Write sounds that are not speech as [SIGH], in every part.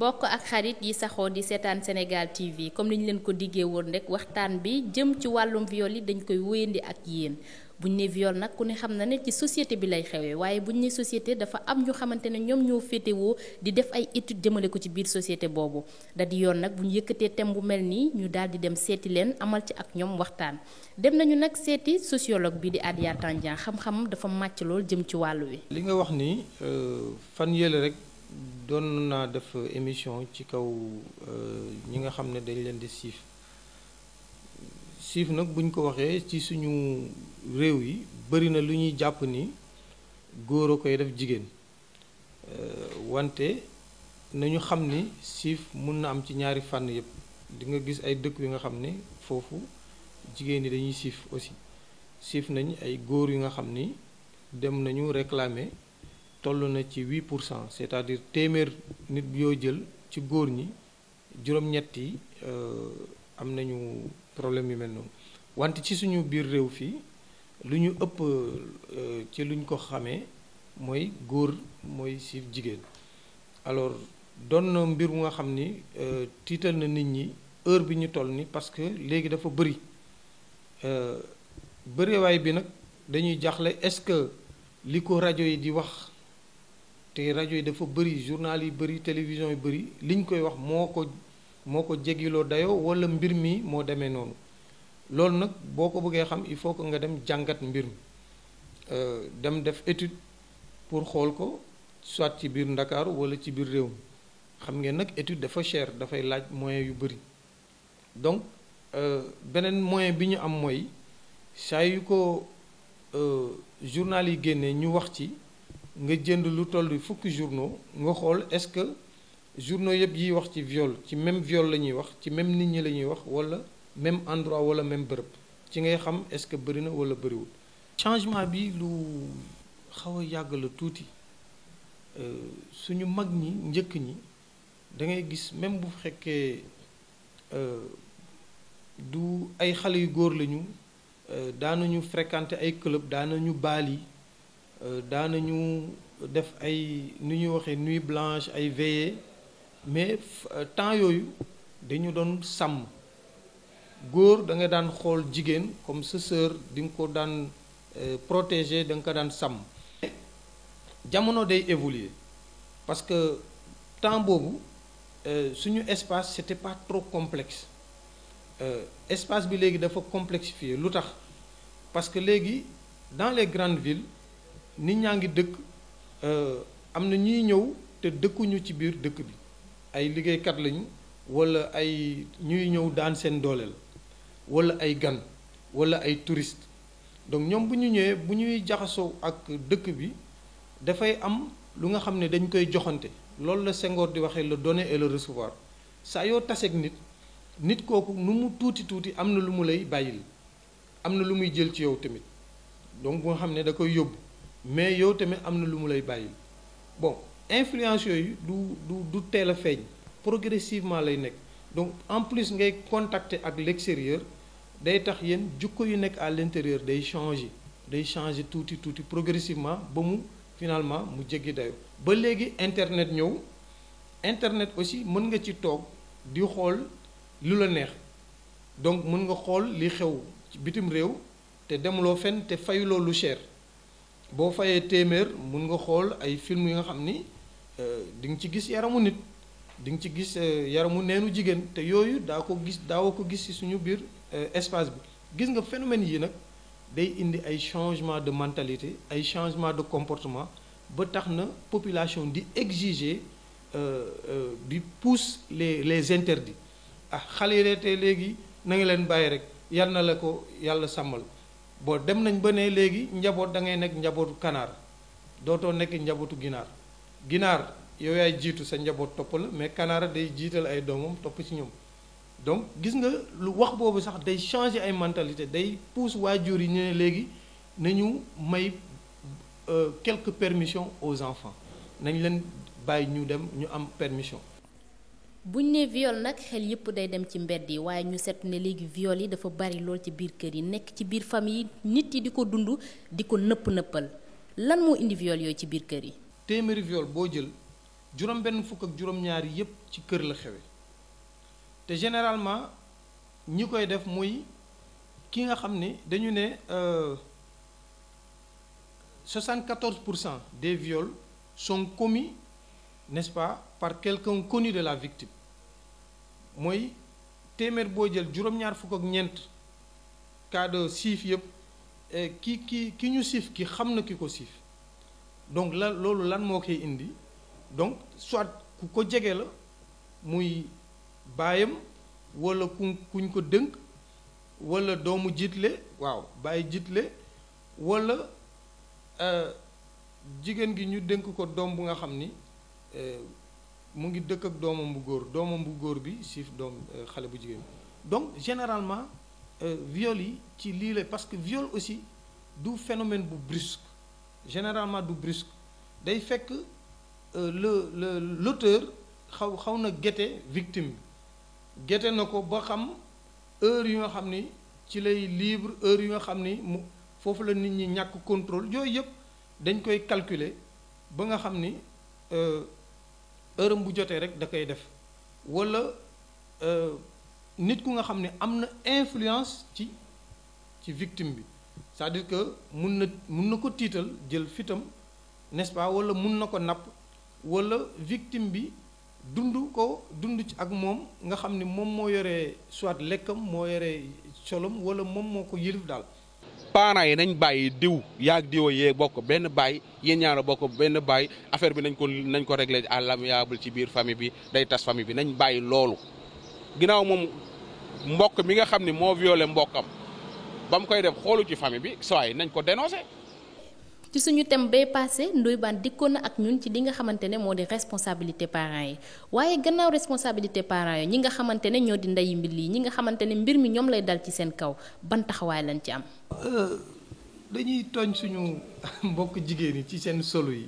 mbokk ak xarit yi saxoo di seetaan Sénégal TV comme li ñu leen ko diggee woon rek waxtaan bi jëm ci wàllum viol yi dañ koy wéyandi ak bu buñ ne viol nag ku ne xam na ne ci société bi lay xewee waaye bu buñ ne société dafa am ñu xamante ne ñoom ñoo féetewoo di def ay études jëmale ko ci biir société boobu da di yoon nag bu ñu yëkkatee thème bu mel nii ñu daal di dem seeti leen amal ci ak ñoom waxtaan dem nañu nag seeti sociologue bi di Adia Tandian xam dafa màcc lool jëm ci wàll wi. li wax ni euh, fan yële doon naa def émission ci kaw euh, ñi nga xam ne dañ leen di siif siif nag buñ ko waxee ci suñu réew yi bëri na lu ñuy jàpp ni góor a koy def jigéen euh, wante nañu xam ni siif mun na am ci ñaari fànn yëpp di nga gis ay dëkk yu nga xam ni foofu jigéen ñi dañuy siif aussi siif nañ ay góor yu nga xam ni dem nañu réclamer toll na ci 8 pour cent cest a dire téeméer nit yoo jël ci góor ñi juróom-ñett euh, am nañu problème yu mel noonu wante ci suñu biir réew fii lu ñu ëpp euh, ci luñ ko xamee mooy góor mooy siif jigéen alors doon na mbir mu nga xam ni euh, tiital na nit ñi heure bi ñu toll ni parce que léegi dafa bëri bëreewaay bi nag dañuy jaaxle est-ce que li ko rajo yi di wax te rajo yi dafa bëri journal yi bëri télévision yi bëri ñu koy wax moo ko moo ko jegiloo dayoo wala mbir mi moo demee noonu loolu nag boo ko bëggee xam il faut que nga dem jàngat mbir mi euh, dem def étude pour xool ko soit ci biir ndakaaru wala ci biir réew mi xam ngeen nag étude dafa cher dafay laaj moyen yu bëri donc euh, beneen moyen bi ñu am mooy saa yu ko euh, journal yi génnee ñu wax ci nga jënd lu toll fukki journaux nga xool est-ce que journaux yëpp yiy wax ci viole ci même viol la ñuy wax ci même nit ñi la ñuy wax walla même endroit walla même bërëb ci ngay xam est-ce que bëri na walla bëriwul. changement bi lu xaw a yàgg la tuuti euh, suñu mag ñi njëkk ñi da ngay gis même bu fekkee euh, du ay xale yu góor lañu euh, daan nañu fréquenter ay club daan ñu baal yi Euh, nous def ay nu ñuy nuit blanche ay veillé mais euh, temps yooyu dañu doon sàmm góor da nga daan xool jigéen comme sa sœur di nga ko daan euh, protéger da nga ko daan jamono évoluer parce que temps boobu suñu espace c'était pas trop complexe espace bi léegi dafa complexifié parce que dans les grandes villes nit ñaa ngi dëkk euh, am na ñuy ñëw te dëkkuñu ci biir dëkk bi ay liggéeykat lañu walla ay ñuy ñëw daan seen doole la walla ay gan walla ay touriste donc ñoom bu ñu ñëwee bu ñuy jaxasoo ak dëkk bi dafay am lu nga xam ne dañ koy joxante loolu la sengoor di waxee la donner et le recevoir saa yoo taseeg nit nit kooku nu mu tuuti tuuti am na lu mu lay bàyyil am na lu muy jël ci yow tamit donc bu nga xam ne da koy yóbbu mais yow tamit amna lu mu lay bon influence yooyu du du du teel progressivement lay nek donc en plus ngay contacter ak l'extérieur day tax yéen jukko yu nek à l'intérieur day changer day changer touti touti progressivement ba mu finalement mu jéggi dayo ba légui internet ñew internet aussi mën nga ci tok di xol lu la neex donc mën nga xol li xew bitim réew te demuloo fenn te lo lu cher boo fayee téeméer mun nga xool ay film yi nga xam ni euh, di nga ci gis yaramu nit di nga ci gis euh, yaramu neenu jigéen te yooyu daa ko gis daawoo ko gis ci suñu biir euh, espace bi gis nga phénomène yi nag day indi ay changement de mentalité ay changement de comportement ba tax na population di exiger di pousse les les interdits ah xale yi léegi na nga leen bàyyi rek yal na la ko yàlla sàmmal bo dem nañ ba ne léegi njaboot da ngay nekk njabootu kanaar dootoo nekk njabootu ginaar ginaar yow yaay jiitu sa njaboot topp la mais kanaara day jiital ay doomam topp ci ñoom donc gis nga lu wax boobu sax day changer ay mentalité day pousse waajur yi ñu ne léegi nañu may euh, quelques permissions aux enfants nañ leen bàyyi ñu dem ñu am permission buñ ne viol nag xel yëpp day dem ci mbedd yi waaye ñu seet ne léegi viol yi dafa bari lool ci biir kër yi nekk ci biir famille yi nit yi di ko dund di ko nëpp nëppal lan moo indi viol yooyu ci biir kër yi. téeméeri viol boo jël juróom benn fukk ak juróom ñaar yëpp ci kër la xewe te généralement ñi koy def muy ki nga xam ni dañu ne 74 euh, pour cent des viols sont commis. n'est-ce pas par quelqu'un connu de la victime Moi, Témer boo jël juróom-ñaar fukk ak ñeent cas de qui, qui ki ki ki ñu siif ki ki donc là, loolu lan moo indi donc soit ku ko jege la le baayam walla ku kuñ ko dënk wala doomu jiitle waaw bàyyi wala euh jigen gi ñu dënk ko nga xamni eh, mu ngi dëkk ak doomam bu góor doomam bu góor bi siif doom eh, xale bu jigéen donc généralement eh, viol yi ci lii la parce que viol aussi du phénomène bu brusque généralement du brusque day fekk le le l'auteur xaw xaw na gete victime bi gete na ko ba xam heure yi nga xam ni ci lay libre heure yi nga xam ni mu foofu la nit ñi ñàkk contrôle yooyu yëpp dañ koy calculer ba nga xam ni heure bu jotee rek da koy def wala euh, nit ku nga xam ne am na influence ci ci victime bi c'est-à-dire que mun na mun na ko tiital jël fitam n'est-ce wala mun na ko napp wala victime bi dund ko dund ci ak moom nga xam ni moom moo yore soit lekkam moo yore solom wala moom moo ko yilif daal parents yi nañ bàyyi diw yaag diwo yee bokk benn baay yéen ñaar bokk benn baay affaire bi nañ ko nañ ko régler à l'amiable ci biir famille bi day tas famille bi nañ bàyyi loolu ginnaaw moom mbokk mi nga xam ni moo violé mbokkam ba mu koy def xoolu ci famille bi saa yi nañ ko dénoncé ci suñu thème bay passé Ndoye Bane dikkoon na ak ñun ci li nga xamante ne moo di responsabilité parent yi waaye gannaaw responsabilité parents yi ñi nga xamante ne ñoo di ndeyu mbir yi ñi nga xamante ne mbir mi ñoom lay dal ci seen kaw ban taxawaay lañ ci am. Euh, dañuy tooñ suñu [LAUGHS] mbokk jigéen yi ci seen solo yi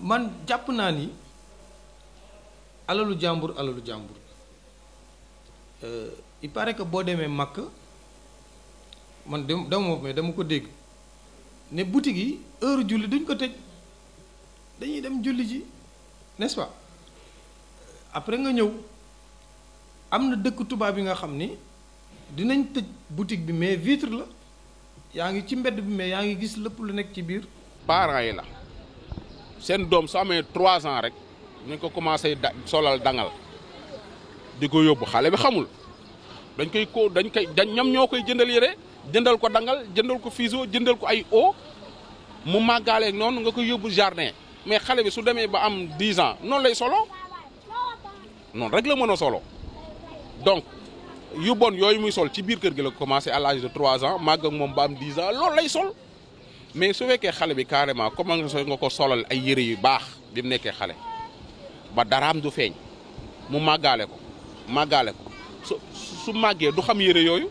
man jàpp naa ni alalu jàmbur alalu jàmbur euh, il pare que boo demee Makka man dem dama mais dama ko dégg. ne boutique yi heure julli dañ ko tëj dañuy dem julli ji n'est-ce après nga ñëw am na dëkk tubaab yi nga xam ni dinañ tëj boutique bi mais vitre la yaa ngi ci mbedd bi mais yaa ngi gis lépp lu nekk ci biir. parents yi la seen doom su amee trois ans rek ñu ko commencé da solal dangal di ko yóbbu xale bi xamul dañ koy ko dañ koy dañ ñam ñoo koy jëndal yére jëndal ko dangal jëndal ko fiso jëndal ko ay eau mu magalé non nga koy yóbbu jardin mais xalé bi su démé ba am 10 ans non lay solo non rek la mëno solo donc yu bon yoy muy sol ci biir kër gi la commencé à l'âge de 3 ans mag ak mom ba am 10 ans lool lay sol mais su fekkee xalé bi carrément comment nga so ko solal ay yéré yu bax bi mu nekkee xale ba daraam du feeñ mu magalé ko magalé ko su su du xam yéré yooyu.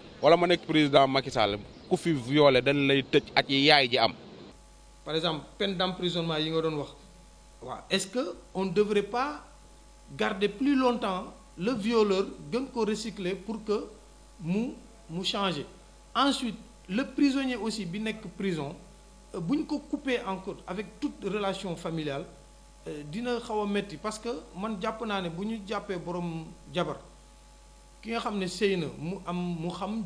wala ma nek président Macky Sall ku fi violé dañ lay tëj at yi yaay ji am. par exemple peine d'emprisonnement yi nga doon wax wa est-ce que on devrait pas garder plus longtemps le violeur gën ko recycler pour que mu mu change ensuite le prisonnier aussi bi nek prison euh, buñ ko couper encore avec toute relation familiale euh, dina xaw a metti parce que man jàpp naa ne bu ñu jàppee borom jabar ki nga xam ne mu am mu xam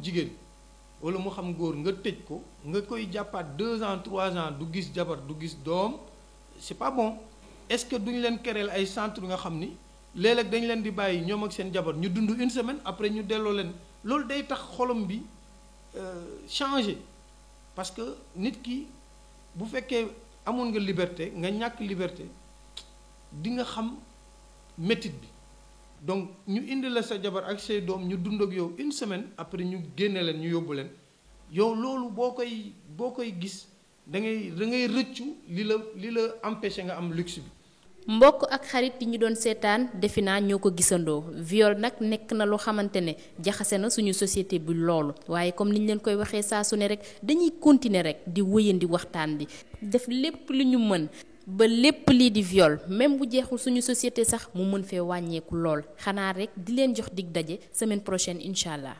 wala mu xam nga ko deux ans trois ans du gis du c'est pas bon est-ce que duñ leen kereel ay centre nga xam ni léeg-léeg di bàyyi ak une semaine après ñu delloo leen loolu day tax xolom euh, parce que nit ki bu fekkee nga liberté nga liberté di nga xam donc ñu indi la sa jabar ak say doom ñu dund ak yow une semaine après ñu génne leen ñu yóbbu leen yow loolu boo koy boo koy gis da ngay da ngay rëccu li la li la nga am luxe bi. mbokk ak xarit yi ñu doon seetaan defe naa ñoo ko gisandoo viol nag nekk na loo xamante ne jaxase na suñu societé bi loolu waaye comme niñ leen koy waxee saa su ne rek dañuy continuer rek di wëyandi waxtaan bi def lépp lu ñu mën. ba lépp lii di viol même bu jeexul suñu société sax mu mën fee wàññeeku lool xanaa rek di leen jox dig daje semaine prochaine incha allah.